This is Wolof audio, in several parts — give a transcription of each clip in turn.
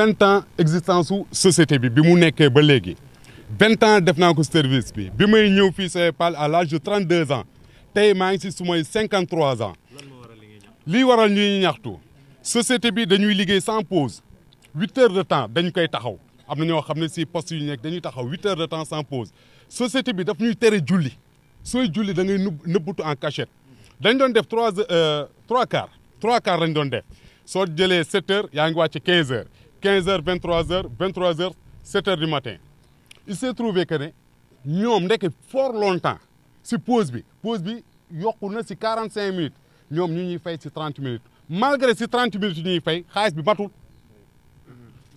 vingt ans existence su société bi bi mu nekkee ba léegi vingt ans def naa ko service bi bi may ñëw fii SOEPAL à l'âge de trente deux ans tey maa ngi si su may war a ans lii waral ñuy ñaxtu société bi dañuy liggéey sans pause huit heures de temps dañ koy taxaw am na ñoo xam ne si poste yu nekk dañuy taxaw huit heures de temps sans pause société bi daf ñuy tere julli sooy julli da ngay nëbbutu en cachette dañ doon def trois euh, trois quarts trois quarts lañ doon def soo jëlee sept heures yaa ngi wàcc quinze heures quinze heures vingt trois heures vingt trois heures sept heures du matin il s'est trouvé que ne ñoom ndekk fort longtemps si pause bi pause bi yokku na si quarante cinq minutes ñoom ñu ñuy fay si trente minutes malgré si trente minutes ñuy fay xaalis bi matul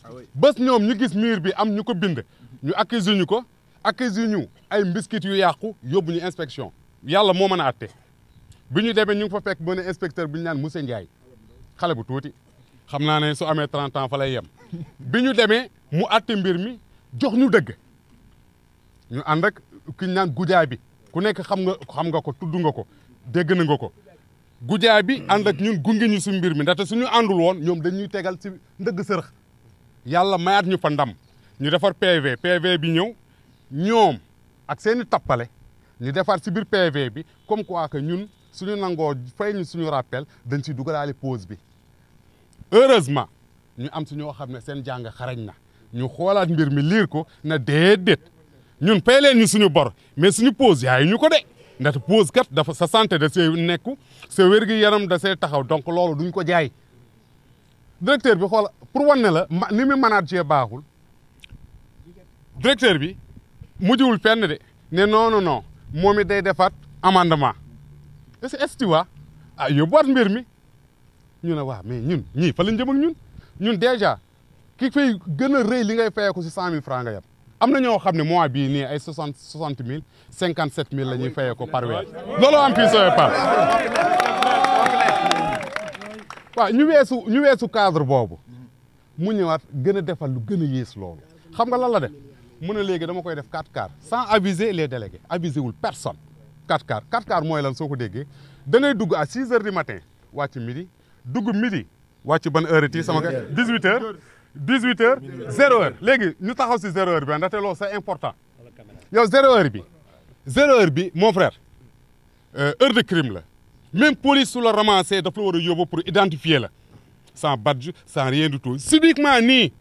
ah bés ñoom ñu gis miir bi am ñu ko bind ñu accuse ñu ko accuse ñu ay mbiskit yu yàqu yóbbu ñu inspection yàlla moo mën a atte bi ñu demee ñu ngi fa fekk mu ne inspecteur bi ñu naan monsieur Ndiaye xale bu tuuti xam naa ne soo amee 30 ans fa lay yem bi ñu demee mu àtte mbir mi jox ñu dëgg ñu ànd ak ki ñu naan gujaay bi ku nekk xam nga xam nga ko tudd nga ko dégg na nga ko gujaay bi ànd ñun gunge ñu si mbir mi ndaxte suñu àndul woon ñoom dañuy tegal si ndëgg sërëx yàlla mayaat ñu fa ndam ñu defar PV PV bi ñëw ñoom ak seeni tappale ñu defar si biir PV bi comme quoi que ñun suñu nangoo fay ñu suñu rappel dañ si dugalaale pause bi heureusement ñu am si ñoo xam ne seen jàng xarañ na ñu xoolaat mbir mi liir ko na déedéet ñun pay leen ñu suñu bor mais suñu pause yaay ñu ko de ndax pause kat dafa sa santé da see nekku se wér-gi-yaram da see taxaw donc loolu duñ ko jaay directeur bi xoola pour wan ne la ni mu manager baaxul directeur bi mujjul fenn de ne non non non moom it day defaat amendement est-ce a tu vois ah, mbir mi ñu ne waaw mais ñun ñii fa lañ jëm ñun ñun dèjà ki fay gën a rëy li ngay fayeeku si cent mille franc nga yem am na ñoo xam ne mois bii nii ay soixante soixante mille cinquante sept mil la ñuy fayee ko par weer loolu am fii sooy par waaw ñu weesu ñu weesu cadre boobu mu ñëwaat gën a defal lu gën a yées loolu xam nga lan la def mu ne léegi dama koy def quatre quarts sans aviser les délégués aviser wul personne quatre quarts quatre quarts mooy lan soo ko déggee da ngay dugg à six heures du wàcc midi dugg midi wàcc ban heure it sama kër 18 heures 18 heures 0 heure léegi ñu taxaw si 0 heure bi ndaxte loolu c'est important yow 0 heure bi 0 heure bi mon frère euh, heure de crime la même police su la ramassé daf la war a yóbbu pour identifier la sans badge sans rien du tout subitement nii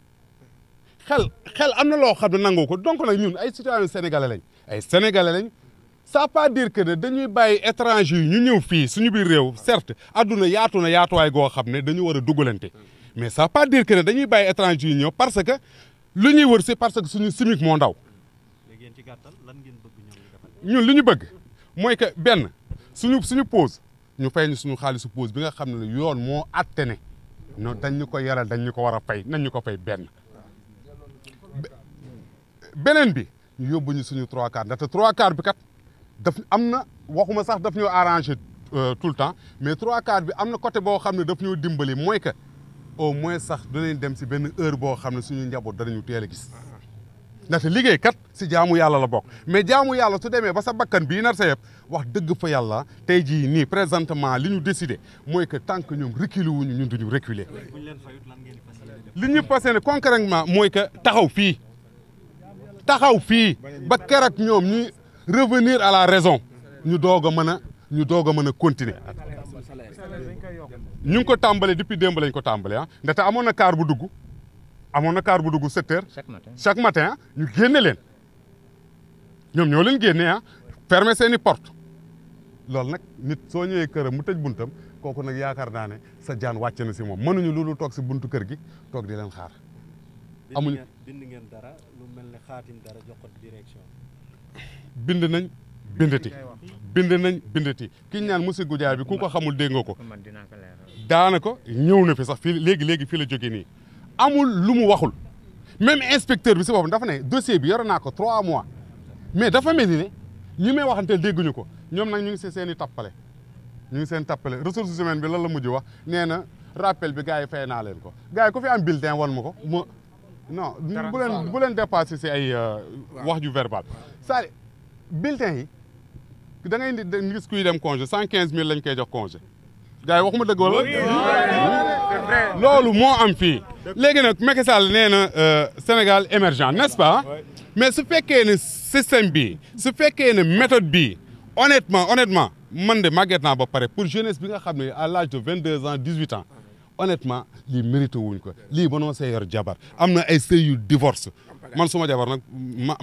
xel xel am na loo xam ne nangoo ko donc nag ñun ay citoyens sénégalais lañ ay sénégalais lañ. ça pas dire que ne dañuy bàyyi étranger yi ñu ñëw fii suñu biir réew certes adduna yaatu na yaatuwaay goo xam ne dañu war a dugalante mais ça pas dire que ne dañuy bàyyi étranger yi ñëw parce que lu ñuy wër si parce que suñu chimique moo ndaw ñun li ñu bëgg mooy que benn suñu suñu pause ñu fay ñu suñu xaalisu pause bi nga xam ne yoon moo atte ne non dañ ñu ko yaral dañ ñu ko war a fay nañ ñu ko fay benn beneen bi ñu yóbbu ñu suñu trois quarts ndaxte trois quarts bi kat daf am na waxuma sax daf ñoo arrangé euh, tout le temps mais trois quarts bi am na côté boo xam ne daf ñoo dimbali mooy que au moins sax dinañ dem si benn heure boo xam ne suñu njaboot ñu teel a gis ndaxte liggéey kat si jaamu yàlla la bokk mais jaamu yàlla su demee ba sa bakkan bii nar sa yëpp wax dëgg fa yàlla tey jii nii présentement li ñu décidé mooy que tant que ñoom ñu wuñu ñun duñu reculer li ñu passé ne concrètement mooy que taxaw fii taxaw fii ba keroog ñoom revenir à la raison ñu doog a mën a ñu doog a mën a continuer ñu ngi ko tàmbale depuis démb lañ ko tàmbalee ah ndaxte amoon na kaar bu dugg amoon na kaar bu dugg sept heures chaque matin ah, ñu génne leen ñoom ñoo leen génne ah fermer seen i porte loolu nag nit soo ñëwee këram mu tëj buntam kooku nag yaakaar naa ne sa jaan wàcce na si moom mënuñu loolu toog si buntu kër gi toog di leen xaar amuñu ngeen dara lu mel ne xaatim dara jox direction bind nañ bindati bind nañ bindati ki ñaan monsieur Goudiaby bi ku ko xamul dégg nga ko daanaka ñëw na fi sax fi léegi léegi fii la jógee nii amul lu mu waxul même inspecteur bi si boppam dafa ne dossier bi yore naa ko trois mois mais dafa mel ni ne ñi may waxanteel dégguñu ko ñoom nag ñu ngi si seen i tappale ñu ngi seen tappale ressources humaines bi lan la mujj wax nee na rappel bi gars yi fay naa leen ko gars ko ku fi am bulletin wan ma ko ma non bu leen bu leen dépassé si ay euh, wax ju verbal c'est bulletin yi da ngay indi gis kuy dem congé cent quinze mille lañ koy jox congé gars yi waxuma dëgg wala loolu moo am fii léegi nag Macky Sall nee na euh, Sénégal émergent n'est-ce pas mais su fekkee ne système bi su fekkee ne méthode bi honnêtement honnêtement man de màgget naa ba pare pour jeunesse bi nga xam ne à l'âge de vingt deux ans dix huit ans honnêtement lii mérité wuñ ko lii mënoo see jabar am na ay sëy yu divorce man suma jabar nag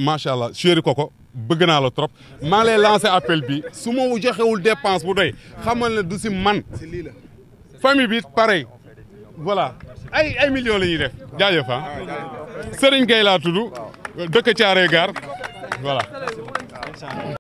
macha allah chéri ko ko bëgg naa la trop maa lay lancé appel bi su ma joxewul dépense bu doy xamal ne du si man famille bi pareil voilà ay ay lañu la ñuy def jaajëf ah laa tudd dëkk Thiaré Gare voilà